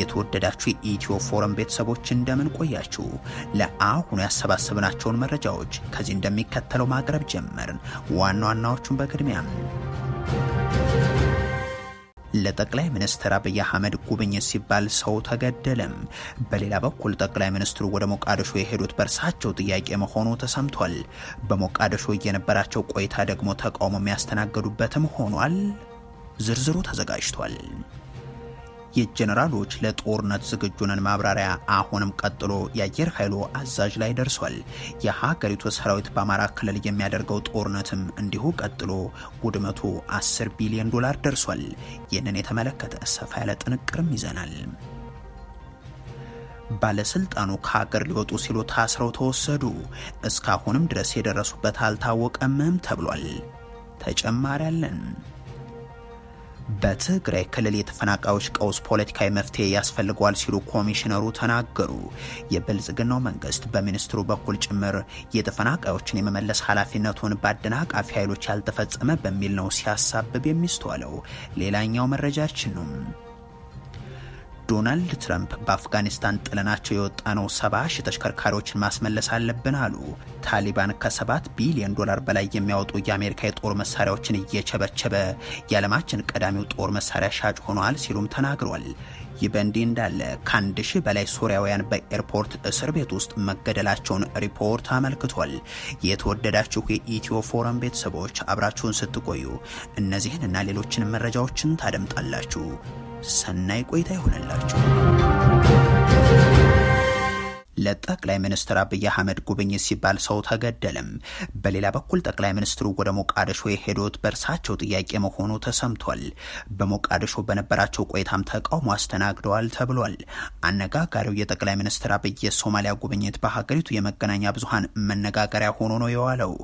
የተወደዳችሁ የኢትዮ ፎረም ቤተሰቦች እንደምን ቆያችሁ? ለአሁኑ ያሰባሰብናቸውን መረጃዎች ከዚህ እንደሚከተለው ማቅረብ ጀመርን። ዋና ዋናዎቹን በቅድሚያ ለጠቅላይ ሚኒስትር አብይ አህመድ ጉብኝት ሲባል ሰው ተገደለም። በሌላ በኩል ጠቅላይ ሚኒስትሩ ወደ ሞቃዲሾ የሄዱት በእርሳቸው ጥያቄ መሆኑ ተሰምቷል። በሞቃዲሾ የነበራቸው ቆይታ ደግሞ ተቃውሞ የሚያስተናገዱበትም ሆኗል። ዝርዝሩ ተዘጋጅቷል። የጄኔራሎች ለጦርነት ዝግጁ ነን ማብራሪያ አሁንም ቀጥሎ የአየር ኃይሉ አዛዥ ላይ ደርሷል። የሀገሪቱ ሰራዊት በአማራ ክልል የሚያደርገው ጦርነትም እንዲሁ ቀጥሎ ውድመቱ 10 ቢሊዮን ዶላር ደርሷል። ይህንን የተመለከተ ሰፋ ያለ ጥንቅርም ይዘናል። ባለስልጣኑ ከሀገር ሊወጡ ሲሉ ታስረው ተወሰዱ። እስካሁንም ድረስ የደረሱበት አልታወቀምም ተብሏል። ተጨማሪ አለን። በትግራይ ክልል የተፈናቃዮች ቀውስ ፖለቲካዊ መፍትሄ ያስፈልገዋል ሲሉ ኮሚሽነሩ ተናገሩ። የብልጽግናው መንግስት በሚኒስትሩ በኩል ጭምር የተፈናቃዮችን የመመለስ ኃላፊነቱን በአደናቃፊ ኃይሎች ያልተፈጸመ በሚል ነው ሲያሳብብ የሚስተዋለው። ሌላኛው መረጃችን ነው። ዶናልድ ትራምፕ በአፍጋኒስታን ጥለናቸው የወጣ ነው ሰባ ሺ ተሽከርካሪዎችን ማስመለስ አለብን አሉ። ታሊባን ከሰባት ቢሊዮን ዶላር በላይ የሚያወጡ የአሜሪካ የጦር መሳሪያዎችን እየቸበቸበ የዓለማችን ቀዳሚው ጦር መሳሪያ ሻጭ ሆኗል ሲሉም ተናግሯል። ይህ በእንዲህ እንዳለ ከአንድ ሺህ በላይ ሶሪያውያን በኤርፖርት እስር ቤት ውስጥ መገደላቸውን ሪፖርት አመልክቷል። የተወደዳችሁ የኢትዮ ፎረም ቤተሰቦች አብራችሁን ስትቆዩ እነዚህን እና ሌሎችን መረጃዎችን ታደምጣላችሁ። ሰናይ ቆይታ ይሆነላችሁ። ለጠቅላይ ሚኒስትር አብይ አህመድ ጉብኝት ሲባል ሰው ተገደለም። በሌላ በኩል ጠቅላይ ሚኒስትሩ ወደ ሞቃዲሾ የሄዱት በእርሳቸው ጥያቄ መሆኑ ተሰምቷል። በሞቃዲሾ በነበራቸው ቆይታም ተቃውሞ አስተናግደዋል ተብሏል። አነጋጋሪው የጠቅላይ ሚኒስትር አብይ የሶማሊያ ጉብኝት በሀገሪቱ የመገናኛ ብዙሀን መነጋገሪያ ሆኖ ነው የዋለው።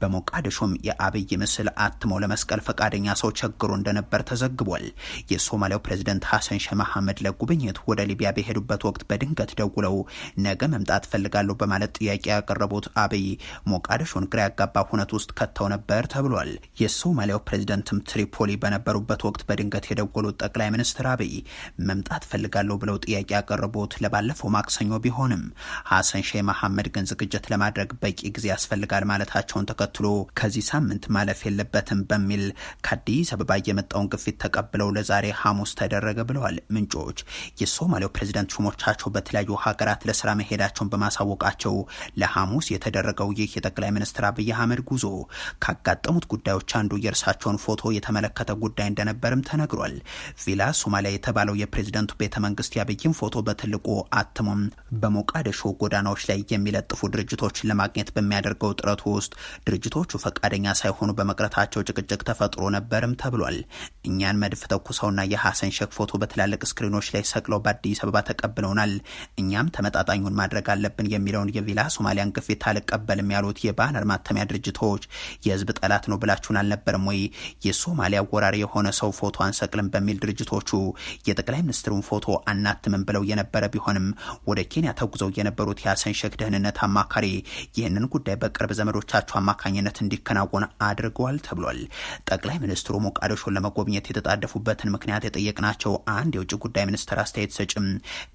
በሞቃዲሾም የአብይ ምስል አትመው ለመስቀል ፈቃደኛ ሰው ቸግሮ እንደነበር ተዘግቧል። የሶማሊያው ፕሬዚደንት ሐሰን ሼህ መሐመድ ለጉብኝት ወደ ሊቢያ በሄዱበት ወቅት በድንገት ደውለው ነገ መምጣት ፈልጋለሁ በማለት ጥያቄ ያቀረቡት አብይ ሞቃዲሾን ግራ ያጋባ ሁነት ውስጥ ከተው ነበር ተብሏል። የሶማሊያው ፕሬዚደንትም ትሪፖሊ በነበሩበት ወቅት በድንገት የደወሉት ጠቅላይ ሚኒስትር አብይ መምጣት ፈልጋለሁ ብለው ጥያቄ ያቀረቡት ለባለፈው ማክሰኞ ቢሆንም ሀሰን ሼህ መሐመድ ግን ዝግጅት ለማድረግ በቂ ጊዜ ያስፈልጋል ማለታቸውን ተከትሎ ከዚህ ሳምንት ማለፍ የለበትም በሚል ከአዲስ አበባ የመጣውን ግፊት ተቀብለው ለዛሬ ሐሙስ ተደረገ ብለዋል ምንጮች። የሶማሊያው ፕሬዚደንት ሹሞቻቸው በተለያዩ ሀገራት ለስራ መሄዳቸውን በማሳወቃቸው ለሐሙስ የተደረገው ይህ የጠቅላይ ሚኒስትር አብይ አህመድ ጉዞ ካጋጠሙት ጉዳዮች አንዱ የእርሳቸውን ፎቶ የተመለከተ ጉዳይ እንደነበርም ተነግሯል። ቪላ ሶማሊያ የተባለው የፕሬዝደንቱ ቤተ መንግስት የአብይን ፎቶ በትልቁ አትሞም በሞቃዲሾ ጎዳናዎች ላይ የሚለጥፉ ድርጅቶችን ለማግኘት በሚያደርገው ጥረቱ ውስጥ ድርጅቶቹ ፈቃደኛ ሳይሆኑ በመቅረታቸው ጭቅጭቅ ተፈጥሮ ነበርም ተብሏል። እኛን መድፍ ተኩሰውና የሐሰን ሼክ ፎቶ በትላልቅ ስክሪኖች ላይ ሰቅለው በአዲስ አበባ ተቀብለውናል። እኛም ተመጣጣኙ እውን ማድረግ አለብን የሚለውን የቪላ ሶማሊያን ግፊት አልቀበልም ያሉት የባነር ማተሚያ ድርጅቶች የህዝብ ጠላት ነው ብላችሁን አልነበርም ወይ? የሶማሊያ ወራሪ የሆነ ሰው ፎቶ አንሰቅልም በሚል ድርጅቶቹ የጠቅላይ ሚኒስትሩን ፎቶ አናትምም ብለው የነበረ ቢሆንም ወደ ኬንያ ተጉዘው የነበሩት የሀሰን ሼክ ደህንነት አማካሪ ይህንን ጉዳይ በቅርብ ዘመዶቻቸው አማካኝነት እንዲከናወን አድርገዋል ተብሏል። ጠቅላይ ሚኒስትሩ ሞቃዲሾን ለመጎብኘት የተጣደፉበትን ምክንያት የጠየቅናቸው አንድ የውጭ ጉዳይ ሚኒስትር አስተያየት ሰጭም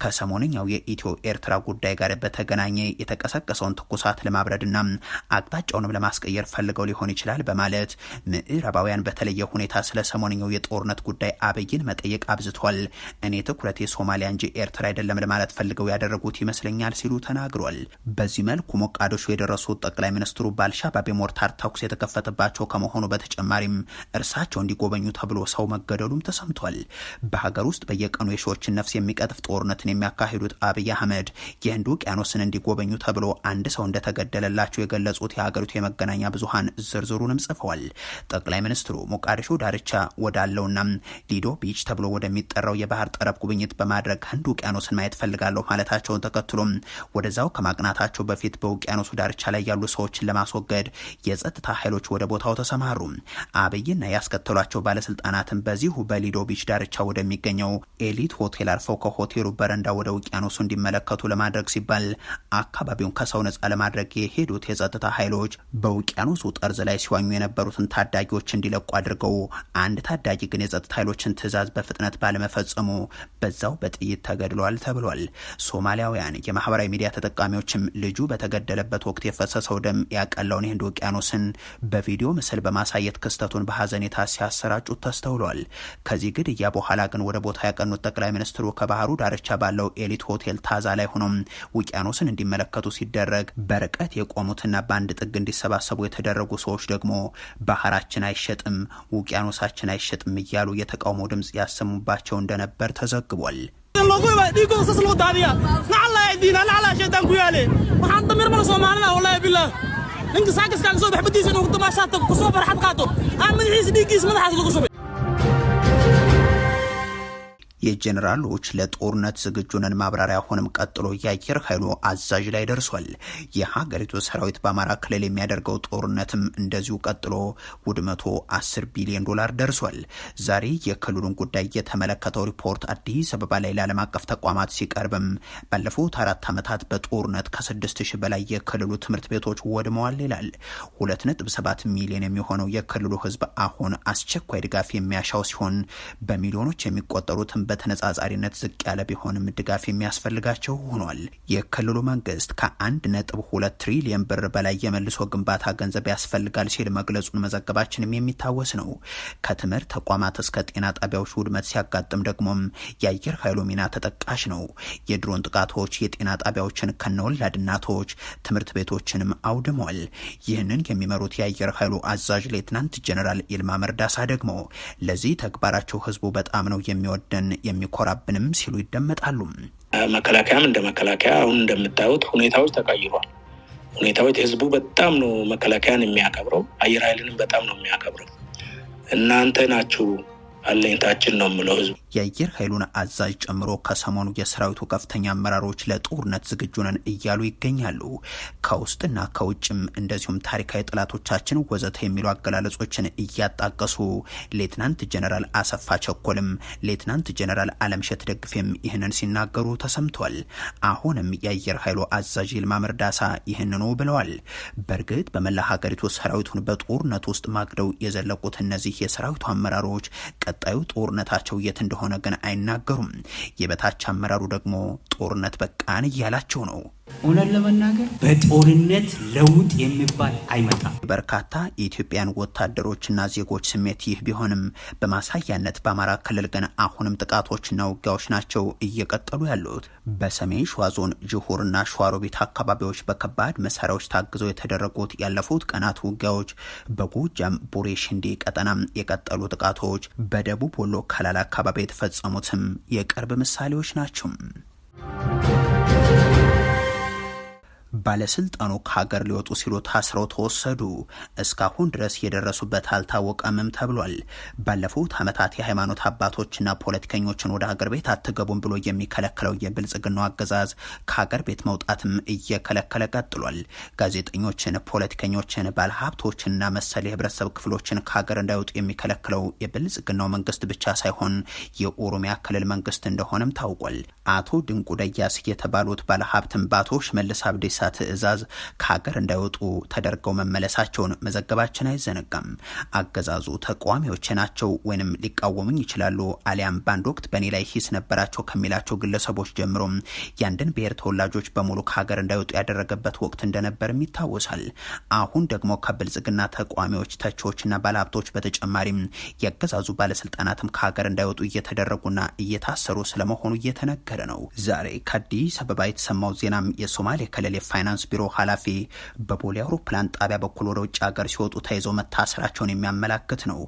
ከሰሞነኛው የኢትዮ ኤርትራ ጉዳይ ጉዳይ ጋር በተገናኘ የተቀሰቀሰውን ትኩሳት ለማብረድና አቅጣጫውንም ለማስቀየር ፈልገው ሊሆን ይችላል በማለት ምዕራባውያን በተለየ ሁኔታ ስለ ሰሞንኛው የጦርነት ጉዳይ አብይን መጠየቅ አብዝቷል። እኔ ትኩረቴ ሶማሊያ እንጂ ኤርትራ አይደለም ለማለት ፈልገው ያደረጉት ይመስለኛል ሲሉ ተናግሯል። በዚህ መልኩ ሞቃዶሾ የደረሱት ጠቅላይ ሚኒስትሩ በአልሻባብ ሞርታር ተኩስ የተከፈተባቸው ከመሆኑ በተጨማሪም እርሳቸው እንዲጎበኙ ተብሎ ሰው መገደሉም ተሰምቷል። በሀገር ውስጥ በየቀኑ የሺዎችን ነፍስ የሚቀጥፍ ጦርነትን የሚያካሂዱት አብይ አህመድ ይህ የህንድ ውቅያኖስን እንዲጎበኙ ተብሎ አንድ ሰው እንደተገደለላቸው የገለጹት የሀገሪቱ የመገናኛ ብዙሀን ዝርዝሩንም ጽፈዋል። ጠቅላይ ሚኒስትሩ ሞቃዲሾ ዳርቻ ወዳለውና ሊዶ ቢች ተብሎ ወደሚጠራው የባህር ጠረፍ ጉብኝት በማድረግ ህንድ ውቅያኖስን ማየት ፈልጋለሁ ማለታቸውን ተከትሎም ወደዛው ከማቅናታቸው በፊት በውቅያኖሱ ዳርቻ ላይ ያሉ ሰዎችን ለማስወገድ የጸጥታ ኃይሎች ወደ ቦታው ተሰማሩ። አብይና ያስከተሏቸው ባለስልጣናትን በዚሁ በሊዶ ቢች ዳርቻ ወደሚገኘው ኤሊት ሆቴል አርፈው ከሆቴሉ በረንዳ ወደ ውቅያኖሱ እንዲመለከቱ ለማድረግ ለማድረግ ሲባል አካባቢውን ከሰው ነፃ ለማድረግ የሄዱት የጸጥታ ኃይሎች በውቅያኖሱ ጠርዝ ላይ ሲዋኙ የነበሩትን ታዳጊዎች እንዲለቁ አድርገው አንድ ታዳጊ ግን የጸጥታ ኃይሎችን ትዕዛዝ በፍጥነት ባለመፈጸሙ በዛው በጥይት ተገድሏል ተብሏል። ሶማሊያውያን የማህበራዊ ሚዲያ ተጠቃሚዎችም ልጁ በተገደለበት ወቅት የፈሰሰው ደም ያቀላውን የህንድ ውቅያኖስን በቪዲዮ ምስል በማሳየት ክስተቱን በሀዘኔታ ሲያሰራጩት ተስተውሏል። ከዚህ ግድያ በኋላ ግን ወደ ቦታ ያቀኑት ጠቅላይ ሚኒስትሩ ከባህሩ ዳርቻ ባለው ኤሊት ሆቴል ታዛ ላይ ሆኖም ውቅያኖስን እንዲመለከቱ ሲደረግ በርቀት የቆሙትና በአንድ ጥግ እንዲሰባሰቡ የተደረጉ ሰዎች ደግሞ ባህራችን አይሸጥም፣ ውቅያኖሳችን አይሸጥም እያሉ የተቃውሞ ድምፅ ያሰሙባቸው እንደነበር ተዘግቧል። ንቅሳቅስ ካግሶ ብሕብዲስ ንቁጥማሻቶ ኩሶ በርሓት ካቶ ኣብ ምንዒስ ዲጊስ መድሓስ ዝጉሶ የጄኔራሎች ለጦርነት ዝግጁነን ማብራሪያ አሁንም ቀጥሎ የአየር ኃይሉ አዛዥ ላይ ደርሷል። የሀገሪቱ ሰራዊት በአማራ ክልል የሚያደርገው ጦርነትም እንደዚሁ ቀጥሎ ወደ 10 ቢሊዮን ዶላር ደርሷል። ዛሬ የክልሉን ጉዳይ የተመለከተው ሪፖርት አዲስ አበባ ላይ ለዓለም አቀፍ ተቋማት ሲቀርብም ባለፉት አራት ዓመታት በጦርነት 6 ሺህ በላይ የክልሉ ትምህርት ቤቶች ወድመዋል ይላል። 2.7 ሚሊዮን የሚሆነው የክልሉ ህዝብ አሁን አስቸኳይ ድጋፍ የሚያሻው ሲሆን በሚሊዮኖች የሚቆጠሩትም በተነጻጻሪነት ዝቅ ያለ ቢሆንም ድጋፍ የሚያስፈልጋቸው ሆኗል። የክልሉ መንግስት ከአንድ ነጥብ ሁለት ትሪሊየን ብር በላይ የመልሶ ግንባታ ገንዘብ ያስፈልጋል ሲል መግለጹን መዘገባችንም የሚታወስ ነው። ከትምህርት ተቋማት እስከ ጤና ጣቢያዎች ውድመት ሲያጋጥም ደግሞም የአየር ኃይሉ ሚና ተጠቃሽ ነው። የድሮን ጥቃቶች የጤና ጣቢያዎችን ከነወላድ እናቶች፣ ትምህርት ቤቶችንም አውድሟል። ይህንን የሚመሩት የአየር ኃይሉ አዛዥ ሌትናንት ጀነራል ይልማ መርዳሳ ደግሞ ለዚህ ተግባራቸው ህዝቡ በጣም ነው የሚወደን የሚኮራብንም ሲሉ ይደመጣሉ። መከላከያም እንደ መከላከያ አሁን እንደምታዩት ሁኔታዎች ተቀይሯል። ሁኔታዎች ህዝቡ በጣም ነው መከላከያን የሚያከብረው፣ አየር ኃይልንም በጣም ነው የሚያከብረው። እናንተ ናችሁ አለኝታችን ነው የምለው ህዝብ። የአየር ኃይሉን አዛዥ ጨምሮ ከሰሞኑ የሰራዊቱ ከፍተኛ አመራሮች ለጦርነት ዝግጁ ነን እያሉ ይገኛሉ። ከውስጥና ከውጭም እንደዚሁም ታሪካዊ ጠላቶቻችን ወዘተ የሚሉ አገላለጾችን እያጣቀሱ ሌትናንት ጀነራል አሰፋ ቸኮልም ሌትናንት ጀነራል አለምሸት ደግፌም ይህንን ሲናገሩ ተሰምቷል። አሁንም የአየር ኃይሉ አዛዥ ይልማ መርዳሳ ይህንኑ ብለዋል። በእርግጥ በመላ ሀገሪቱ ሰራዊቱን በጦርነት ውስጥ ማግደው የዘለቁት እነዚህ የሰራዊቱ አመራሮች ቀጣዩ ጦርነታቸው የት እንደሆነ ግን አይናገሩም። የበታች አመራሩ ደግሞ ጦርነት በቃን እያላቸው ነው። እውነት ለመናገር በጦርነት ለውጥ የሚባል አይመጣም። በርካታ የኢትዮጵያን ወታደሮችና ዜጎች ስሜት ይህ ቢሆንም በማሳያነት በአማራ ክልል ግን አሁንም ጥቃቶችና ውጊያዎች ናቸው እየቀጠሉ ያሉት። በሰሜን ሸዋ ዞን ጅሁርና ሸዋሮቢት አካባቢዎች በከባድ መሳሪያዎች ታግዘው የተደረጉት ያለፉት ቀናት ውጊያዎች፣ በጎጃም ቡሬ ሽንዴ ቀጠና የቀጠሉ ጥቃቶች፣ በደቡብ ወሎ ከላል አካባቢ የተፈጸሙትም የቅርብ ምሳሌዎች ናቸው። ባለስልጣኑ ከሀገር ሊወጡ ሲሉ ታስረው ተወሰዱ። እስካሁን ድረስ የደረሱበት አልታወቀምም ተብሏል። ባለፉት ዓመታት የሃይማኖት አባቶችና ፖለቲከኞችን ወደ ሀገር ቤት አትገቡም ብሎ የሚከለክለው የብልጽግናው አገዛዝ ከሀገር ቤት መውጣትም እየከለከለ ቀጥሏል። ጋዜጠኞችን፣ ፖለቲከኞችን፣ ባለሀብቶችንና መሰል የህብረተሰብ ክፍሎችን ከሀገር እንዳይወጡ የሚከለክለው የብልጽግናው መንግስት ብቻ ሳይሆን የኦሮሚያ ክልል መንግስት እንደሆነም ታውቋል። አቶ ድንቁ ደያስ የተባሉት ባለሀብትን በአቶ ሽመልስ አብዲስ ሬሳ ትዕዛዝ ከሀገር እንዳይወጡ ተደርገው መመለሳቸውን መዘገባችን አይዘነጋም። አገዛዙ ተቃዋሚዎች ናቸው ወይንም ሊቃወሙኝ ይችላሉ አሊያም በአንድ ወቅት በእኔ ላይ ሂስ ነበራቸው ከሚላቸው ግለሰቦች ጀምሮ ያንድን ብሔር ተወላጆች በሙሉ ከሀገር እንዳይወጡ ያደረገበት ወቅት እንደነበርም ይታወሳል። አሁን ደግሞ ከብልጽግና ተቃዋሚዎች፣ ተቺዎችና ባለሀብቶች በተጨማሪም የአገዛዙ ባለስልጣናትም ከሀገር እንዳይወጡ እየተደረጉና እየታሰሩ ስለመሆኑ እየተነገረ ነው። ዛሬ ከአዲስ አበባ የተሰማው ዜናም የሶማሌ ክልል ፋይናንስ ቢሮ ኃላፊ በቦሌ አውሮፕላን ጣቢያ በኩል ወደ ውጭ ሀገር ሲወጡ ተይዘው መታሰራቸውን የሚያመላክት ነው።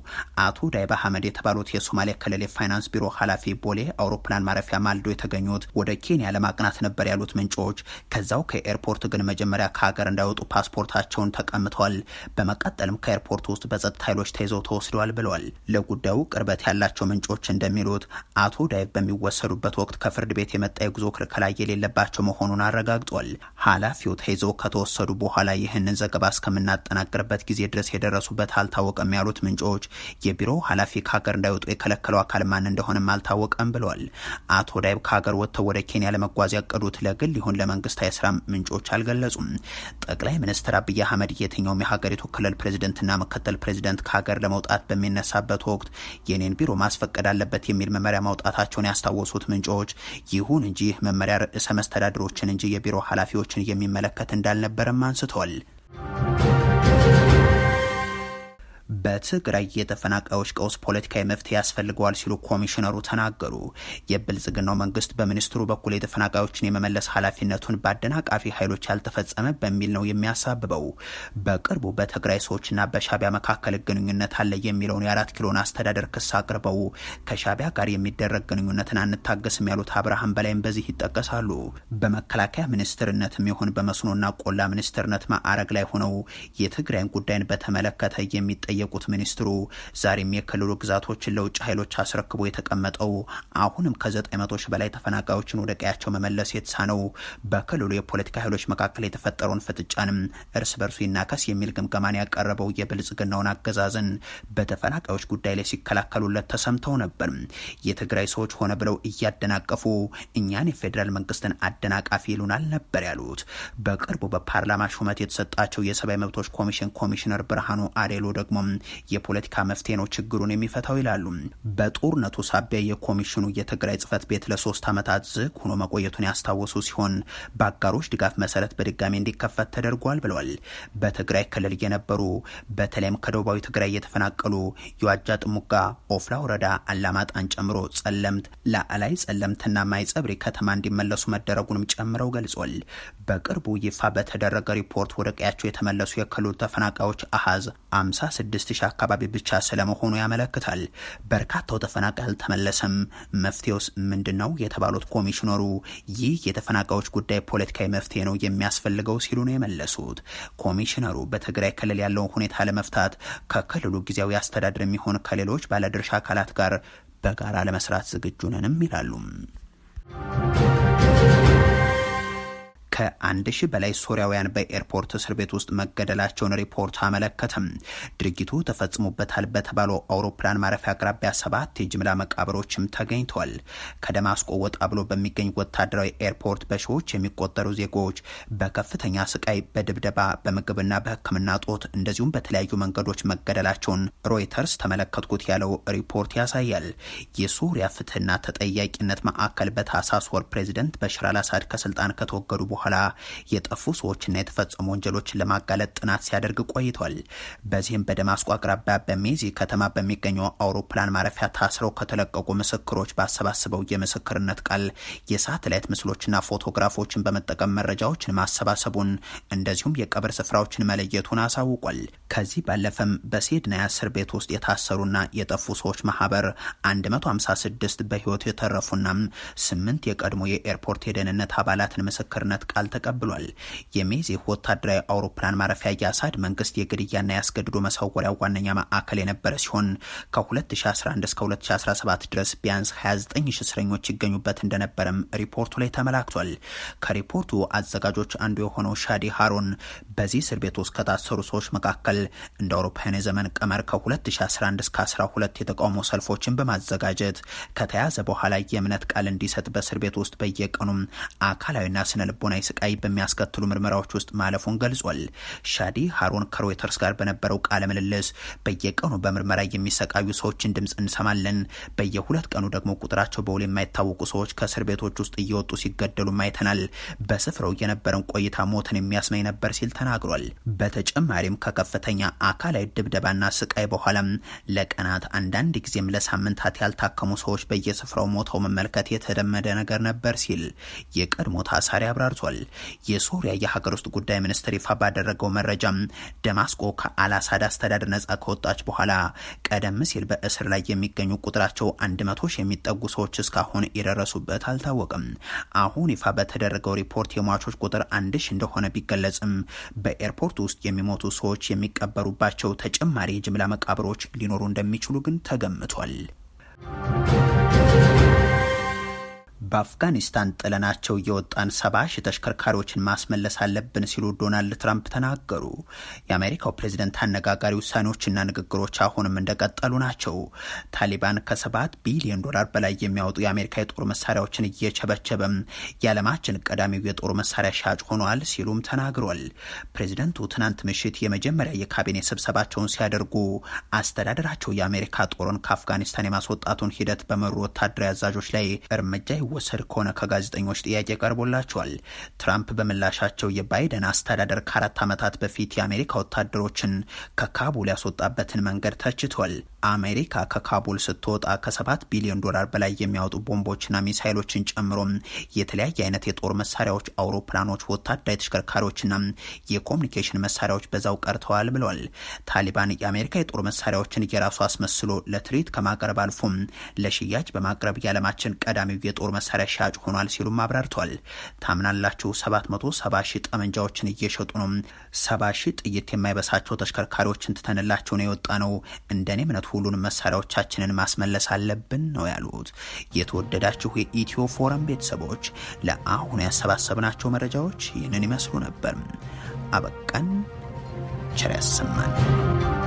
አቶ ዳይባ አህመድ የተባሉት የሶማሌ ክልል የፋይናንስ ቢሮ ኃላፊ ቦሌ አውሮፕላን ማረፊያ ማልዶ የተገኙት ወደ ኬንያ ለማቅናት ነበር ያሉት ምንጮች፣ ከዛው ከኤርፖርት ግን መጀመሪያ ከሀገር እንዳይወጡ ፓስፖርታቸውን ተቀምተዋል። በመቀጠልም ከኤርፖርት ውስጥ በጸጥታ ኃይሎች ተይዘው ተወስደዋል ብለዋል። ለጉዳዩ ቅርበት ያላቸው ምንጮች እንደሚሉት አቶ ዳይብ በሚወሰዱበት ወቅት ከፍርድ ቤት የመጣ የጉዞ ክልከላ የሌለባቸው መሆኑን አረጋግጧል። ሀላ ኃላፊው ተይዘው ከተወሰዱ በኋላ ይህንን ዘገባ እስከምናጠናቅርበት ጊዜ ድረስ የደረሱበት አልታወቀም ያሉት ምንጮች የቢሮው ኃላፊ ከሀገር እንዳይወጡ የከለከለው አካል ማን እንደሆነም አልታወቀም ብለዋል። አቶ ዳይብ ከሀገር ወጥተው ወደ ኬንያ ለመጓዝ ያቀዱት ለግል ይሁን ለመንግስታዊ ስራ ምንጮች አልገለጹም። ጠቅላይ ሚኒስትር አብይ አህመድ የትኛውም የሀገሪቱ ክልል ፕሬዚደንትና ምክትል ፕሬዚደንት ከሀገር ለመውጣት በሚነሳበት ወቅት የኔን ቢሮ ማስፈቀድ አለበት የሚል መመሪያ ማውጣታቸውን ያስታወሱት ምንጮች ይሁን እንጂ መመሪያ ርዕሰ መስተዳድሮችን እንጂ የቢሮ ኃላፊዎችን የሚመለከት እንዳልነበረም አንስተዋል። በትግራይ የተፈናቃዮች ቀውስ ፖለቲካዊ መፍትሄ ያስፈልገዋል ሲሉ ኮሚሽነሩ ተናገሩ። የብልጽግናው መንግስት በሚኒስትሩ በኩል የተፈናቃዮችን የመመለስ ኃላፊነቱን በአደናቃፊ ኃይሎች ያልተፈጸመ በሚል ነው የሚያሳብበው። በቅርቡ በትግራይ ሰዎችና በሻቢያ መካከል ግንኙነት አለ የሚለውን የአራት ኪሎን አስተዳደር ክስ አቅርበው ከሻቢያ ጋር የሚደረግ ግንኙነትን አንታገስም ያሉት አብርሃም በላይም በዚህ ይጠቀሳሉ። በመከላከያ ሚኒስትርነትም ይሁን በመስኖና ቆላ ሚኒስትርነት ማዕረግ ላይ ሆነው የትግራይን ጉዳይን በተመለከተ የሚጠ የጠየቁት ሚኒስትሩ ዛሬም የክልሉ ግዛቶችን ለውጭ ኃይሎች አስረክቦ የተቀመጠው አሁንም ከ900 ሺህ በላይ ተፈናቃዮችን ወደ ቀያቸው መመለስ የተሳነው በክልሉ የፖለቲካ ኃይሎች መካከል የተፈጠረውን ፍጥጫንም እርስ በርሱ ይናከስ የሚል ግምገማን ያቀረበው የብልጽግናውን አገዛዝን በተፈናቃዮች ጉዳይ ላይ ሲከላከሉለት ተሰምተው ነበር። የትግራይ ሰዎች ሆነ ብለው እያደናቀፉ እኛን የፌዴራል መንግስትን አደናቃፊ ይሉናል ነበር ያሉት። በቅርቡ በፓርላማ ሹመት የተሰጣቸው የሰብአዊ መብቶች ኮሚሽን ኮሚሽነር ብርሃኑ አዴሎ ደግሞ የፖለቲካ መፍትሄ ነው ችግሩን የሚፈታው ይላሉ። በጦርነቱ ሳቢያ የኮሚሽኑ የትግራይ ጽህፈት ቤት ለሶስት ዓመታት ዝግ ሆኖ መቆየቱን ያስታወሱ ሲሆን በአጋሮች ድጋፍ መሰረት በድጋሚ እንዲከፈት ተደርጓል ብለዋል። በትግራይ ክልል የነበሩ በተለይም ከደቡባዊ ትግራይ የተፈናቀሉ የዋጃ ጥሙጋ፣ ኦፍላ ወረዳ አላማጣን ጨምሮ ጸለምት፣ ላዕላይ ጸለምትና ማይጸብሪ ከተማ እንዲመለሱ መደረጉንም ጨምረው ገልጿል። በቅርቡ ይፋ በተደረገ ሪፖርት ወደ ቀያቸው የተመለሱ የክልሉ ተፈናቃዮች አሃዝ 56 ሺህ አካባቢ ብቻ ስለመሆኑ ያመለክታል። በርካታው ተፈናቃይ አልተመለሰም። መፍትሄውስ ምንድን ነው የተባሉት ኮሚሽነሩ ይህ የተፈናቃዮች ጉዳይ ፖለቲካዊ መፍትሄ ነው የሚያስፈልገው ሲሉ ነው የመለሱት። ኮሚሽነሩ በትግራይ ክልል ያለውን ሁኔታ ለመፍታት ከክልሉ ጊዜያዊ አስተዳደር የሚሆን ከሌሎች ባለድርሻ አካላት ጋር በጋራ ለመስራት ዝግጁ ነንም ይላሉ። ከአንድ ሺህ በላይ ሶሪያውያን በኤርፖርት እስር ቤት ውስጥ መገደላቸውን ሪፖርት አመለከተም። ድርጊቱ ተፈጽሞበታል በተባለው አውሮፕላን ማረፊያ አቅራቢያ ሰባት የጅምላ መቃብሮችም ተገኝተዋል። ከደማስቆ ወጣ ብሎ በሚገኝ ወታደራዊ ኤርፖርት በሺዎች የሚቆጠሩ ዜጎች በከፍተኛ ስቃይ፣ በድብደባ፣ በምግብና በሕክምና ጦት እንደዚሁም በተለያዩ መንገዶች መገደላቸውን ሮይተርስ ተመለከትኩት ያለው ሪፖርት ያሳያል። የሱሪያ ፍትህና ተጠያቂነት ማዕከል በታህሳስ ወር ፕሬዚደንት በሽር አላሳድ ከስልጣን ከተወገዱ በኋላ በኋላ የጠፉ ሰዎችና የተፈጸሙ ወንጀሎችን ለማጋለጥ ጥናት ሲያደርግ ቆይቷል። በዚህም በደማስቆ አቅራቢያ በሜዚ ከተማ በሚገኘው አውሮፕላን ማረፊያ ታስረው ከተለቀቁ ምስክሮች ባሰባስበው የምስክርነት ቃል የሳተላይት ምስሎችና ፎቶግራፎችን በመጠቀም መረጃዎችን ማሰባሰቡን እንደዚሁም የቀብር ስፍራዎችን መለየቱን አሳውቋል። ከዚህ ባለፈም በሲድናይ እስር ቤት ውስጥ የታሰሩና የጠፉ ሰዎች ማህበር 156 በህይወት የተረፉና ስምንት የቀድሞ የኤርፖርት የደህንነት አባላትን ምስክርነት ቃል ቃል ተቀብሏል። የሜዜህ ወታደራዊ አውሮፕላን ማረፊያ የአሳድ መንግስት የግድያና ያስገድዶ መሰወሪያ ዋነኛ ማዕከል የነበረ ሲሆን ከ2011 እስከ 2017 ድረስ ቢያንስ 29 ሺህ እስረኞች ይገኙበት እንደነበረም ሪፖርቱ ላይ ተመላክቷል። ከሪፖርቱ አዘጋጆች አንዱ የሆነው ሻዲ ሃሮን በዚህ እስር ቤት ውስጥ ከታሰሩ ሰዎች መካከል እንደ አውሮፓውያን የዘመን ቀመር ከ2011 እስከ 12 የተቃውሞ ሰልፎችን በማዘጋጀት ከተያዘ በኋላ የእምነት ቃል እንዲሰጥ በእስር ቤት ውስጥ በየቀኑም አካላዊና ስነ ልቦና ሁለንተናዊ ስቃይ በሚያስከትሉ ምርመራዎች ውስጥ ማለፉን ገልጿል። ሻዲ ሃሮን ከሮይተርስ ጋር በነበረው ቃለ ምልልስ በየቀኑ በምርመራ የሚሰቃዩ ሰዎችን ድምፅ እንሰማለን፣ በየሁለት ቀኑ ደግሞ ቁጥራቸው በውል የማይታወቁ ሰዎች ከእስር ቤቶች ውስጥ እየወጡ ሲገደሉ ማይተናል። በስፍራው የነበረን ቆይታ ሞትን የሚያስመኝ ነበር ሲል ተናግሯል። በተጨማሪም ከከፍተኛ አካላዊ ድብደባና ስቃይ በኋላም ለቀናት አንዳንድ ጊዜም ለሳምንታት ያልታከሙ ሰዎች በየስፍራው ሞተው መመልከት የተለመደ ነገር ነበር ሲል የቀድሞ ታሳሪ አብራርቷል። ተገልጿል። የሶሪያ የሀገር ውስጥ ጉዳይ ሚኒስትር ይፋ ባደረገው መረጃ ደማስቆ ከአልአሳድ አስተዳደር ነጻ ከወጣች በኋላ ቀደም ሲል በእስር ላይ የሚገኙ ቁጥራቸው አንድ መቶ ሺህ የሚጠጉ ሰዎች እስካሁን የደረሱበት አልታወቅም። አሁን ይፋ በተደረገው ሪፖርት የሟቾች ቁጥር አንድ ሺህ እንደሆነ ቢገለጽም በኤርፖርት ውስጥ የሚሞቱ ሰዎች የሚቀበሩባቸው ተጨማሪ የጅምላ መቃብሮች ሊኖሩ እንደሚችሉ ግን ተገምቷል። በአፍጋኒስታን ጥለናቸው እየወጣን ሰባ ሺህ ተሽከርካሪዎችን ማስመለስ አለብን ሲሉ ዶናልድ ትራምፕ ተናገሩ። የአሜሪካው ፕሬዚደንት አነጋጋሪ ውሳኔዎችና ንግግሮች አሁንም እንደቀጠሉ ናቸው። ታሊባን ከሰባት ቢሊዮን ዶላር በላይ የሚያወጡ የአሜሪካ የጦር መሳሪያዎችን እየቸበቸበም የዓለማችን ቀዳሚው የጦር መሳሪያ ሻጭ ሆኗል ሲሉም ተናግሯል። ፕሬዚደንቱ ትናንት ምሽት የመጀመሪያ የካቢኔ ስብሰባቸውን ሲያደርጉ አስተዳደራቸው የአሜሪካ ጦርን ከአፍጋኒስታን የማስወጣቱን ሂደት በመሩ ወታደራዊ አዛዦች ላይ እርምጃ የሚወሰድ ከሆነ ከጋዜጠኞች ጥያቄ ቀርቦላቸዋል። ትራምፕ በምላሻቸው የባይደን አስተዳደር ከአራት ዓመታት በፊት የአሜሪካ ወታደሮችን ከካቡል ያስወጣበትን መንገድ ተችቷል። አሜሪካ ከካቡል ስትወጣ ከሰባት ቢሊዮን ዶላር በላይ የሚያወጡ ቦምቦችና ሚሳይሎችን ጨምሮ የተለያየ አይነት የጦር መሳሪያዎች፣ አውሮፕላኖች፣ ወታደራዊ ተሽከርካሪዎችና የኮሚኒኬሽን መሳሪያዎች በዛው ቀርተዋል ብለዋል። ታሊባን የአሜሪካ የጦር መሳሪያዎችን የራሱ አስመስሎ ለትርኢት ከማቅረብ አልፎም ለሽያጭ በማቅረብ የዓለማችን ቀዳሚው የጦር መሳሪያ ሻጭ ሆኗል ሲሉም አብራርተዋል። ታምናላችሁ 770 ሺህ ጠመንጃዎችን እየሸጡ ነው። 70 ሺህ ጥይት የማይበሳቸው ተሽከርካሪዎችን ትተንላቸው ነው የወጣ ነው። እንደኔ እምነት ሁሉንም መሳሪያዎቻችንን ማስመለስ አለብን ነው ያሉት። የተወደዳችሁ የኢትዮ ፎረም ቤተሰቦች ለአሁኑ ያሰባሰብናቸው መረጃዎች ይህንን ይመስሉ ነበር። አበቃን። ቸር ያሰማን።